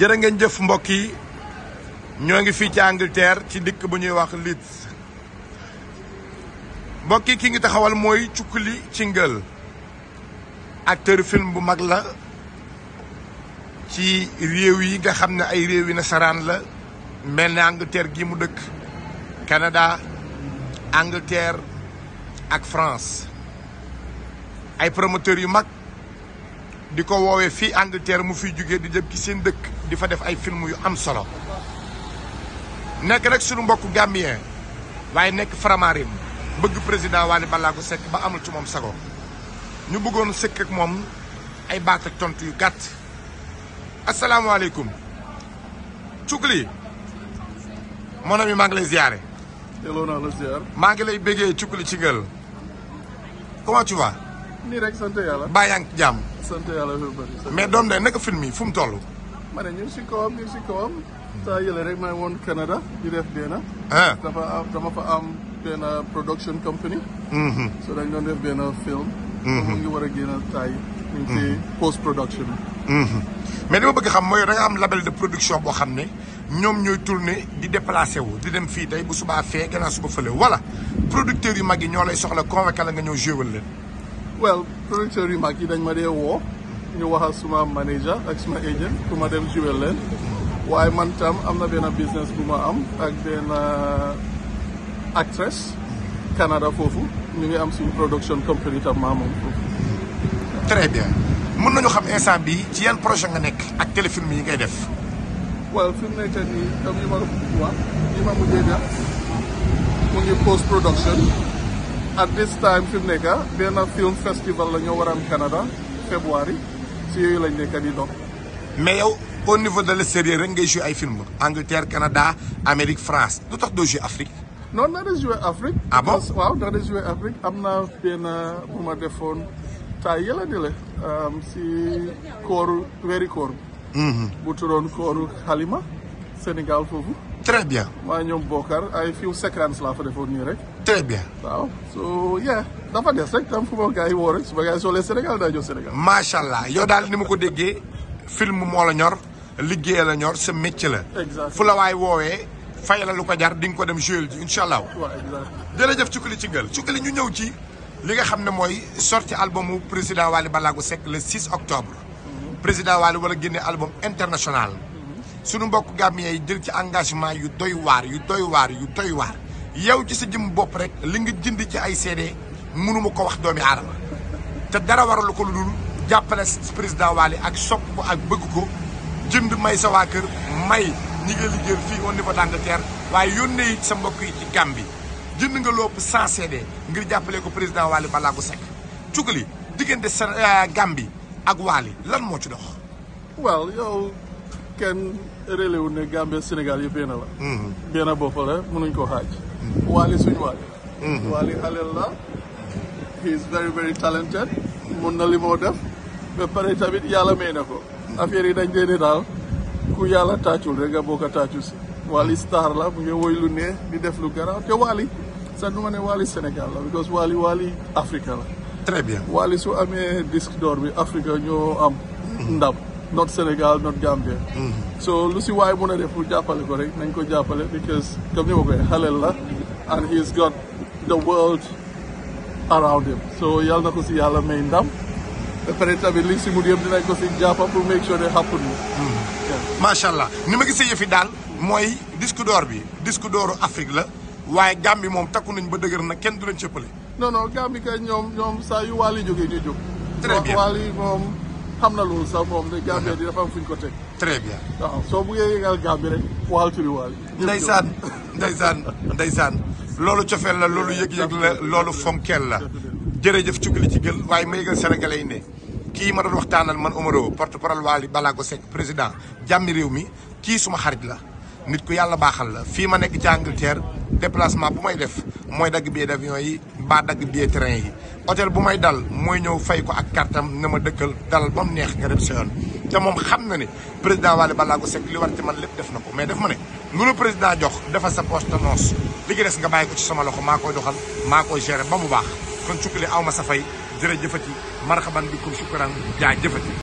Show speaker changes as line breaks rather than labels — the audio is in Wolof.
jërë nga jëf mbokk yi ñoo ngi fii ci Angleterre ci dëkk bu ñuy wax Leeds mbokk ki ngi taxawal mooy cukk li ci ngël ak acteur film bu mag la ci réew yi nga xam ne ay réew yi nasaraan la mel ni Angleterre gi mu dëkk Canada Angleterre ak France ay promoteurs yu mag di ko woowee fii Angleterre mu fi jugee di dem ki seen dëkk di fa def ay film yu am solo nekk rek suñu mbokku gambien waaye nekk Faramareen bëgg président Wally Ballago sekk ba amul ci moom sago ñu bëggoon sëkk ak moom ay baat ak tontu yu gàtt asalaamaaleykum Cukkuli mon ami maa ngi lay ziare. delloo naa maa ngi lay bëggee Cukkuli ci ngël comment tu
nii rek sant yàlla. baa
yaa ngi ci jàmm. sant yàlla fi bëri. mais doom de naka film yi fu mu toll.
ma ne ñu ngi si kawam ñu ngi yële rek may woon Canada di def benn. Ah. dafa am dama fa am benn production company. Mm-hmm. so dañ mm-hmm. war a génn taay. ñu ngi si mm-hmm. mais li bëgg xam mooy da am label de production boo xam ne ñoom ñooy tourné
di déplacé wu di dem fii tey bu subaa fee gannaaw suba fële wala producteurs yu mag yi ñoo lay soxla
convoqué la nga ñëw joué leen. Well, Director Rimaki Dagmade wo ñu waxal suma manager ak suma agent pour ma dem jiwel leen waaye man tam am na benn business bu ma am ak benn actress Canada foofu ñu ngi am suñu production company tam maa moom très bien mën nañu xam instant
bi ci yan projet nga nekk ak téléfilm yi ngay def. waaw fi mu nekk nii comme yi ma
wax yi ma mujjee def mu ngi post production at this time fi nekka ben film festival la ñoo waram Canada February ci yoy lañ nekk di dox. mais yow au niveau de série rek ngay jouer ay film Angleterre Canada
Amérique France do tax do jouer Afrique.
non na des jouer Afrique. ah bon waaw da des jouer Afrique amna ben pour bu ma defoon taay yële di la si cor Mm-hmm. bu turon kooru Halima Senegal fofu très bien. ma ñom Bokar ay few seconds la fa defoon nii rek. très bien. waaw so dafa des rek tam fu ma gars woo su ma gars yi soolee Sénégal daa ñëw Sénégal. macha allah yow daal ni ma ko
déggee film moo la ñor liggéey la ñor sa métier la. exactement fu la waay woowee fay la lu ko jar di nga ko dem joué ji incha allah. waaw exactement jërëjëf Cukkuli ci ngël Cukkuli ñu ñëw ci. li nga xam ne mooy sorti albumu président Wally Ballago Seck le 6 octobre. Mhm. président Wally wala a génne album international. Mhm. sunu mbokk Gambien yi jël ci engagement yu doy waar yu doy waar yu doy waar. yow ci sa jëm bopp rek li nga jënd ci ay CD mënuma ko wax doomi aadama te dara waralu ko lu dul jàppale président Wally ak sopp ak bëgg ko jënd may sa waa kër may ñi nga liggéeyal fii au niveau d'Angleterre waaye yónnee sa mbokk yi ci Gambie jënd nga lopp 100 CD ngir jàppale ko président Wally Ballago Seck Cugali diggante sa euh, Gambie ak Wally lan moo ci dox.
waaw yow kenn réelé wu ne Sénégal yëpp benn la. benn mm-hmm. bopp la mënuñ koo Wali Sunwali. Mm-hmm. Wali Halillah. He's very, very talented. Mundali Modef. ba pare tamit yàlla may ko mm-hmm. affaire yi dañ dee ku yàlla taacul rega boka boo Wali taacul si Wally mm-hmm. star la mu wali ne di def lu te Wali, sax ne Sénégal la because Wali Wali Africa la très bien Wally su ame disk d'or Africa ñoo am ndab. not Sénégal not Gambia. Mm-hmm. so lu si waay mën a def pour jàppale ko rek nañ ko jàppale because comme ni ma koy xaleel la and he's got the world around him so yàlla na ko si yàlla may ndam. ba pare tamit li si mu yëpp dinañ ko si jàppa pour make sure ne happen mm-hmm. macha allah ni ma gisee yëfi daal mooy disque
d'or bi disque d'oru Afrique la waaye Gambie moom takku nañ ba dëgër nag kenn du leen cëppale.
non non Gambie kay ñoom saa yu waali jógee ñu jóg. très bien xam na loolu sax moom ne Gambie di dafa am fu ñu ko teg. très bien soo buggee yëngal Gambie rek waxal ci riwaay.
ndeysaan ndeysaan ndeysaan loolu cofeel la loolu yëg-yëg la loolu fonkeel la jërëjëf cugli ci gël waaye ma yëgal sénégalais yi ne kii ma doon waxtaanal man Omaro porte parole balaa Ballago Seck président jàmmi réew mi kii suma xarit la nit ku yàlla baaxal la fii ma nekk ci Angleterre déplacement bu may def mooy dagg billet d'avion yi mbaa dagg yi hôtel bu may dal mooy ñëw fay ko ak kartam na ma dëkkal dalal ba mu neex nga dem sa yoon te moom xam na ne président Wally Ballago Seck li war ci man lépp def na ko mais def ma ne lu président jox dafa sa poche te noos li res nga bàyyi ko ci sama loxo maa koy doxal maa koy gérer ba mu baax kon cukkale aw ma sa fay a jërëjëfati marxaban bikum shukran jaa jëfati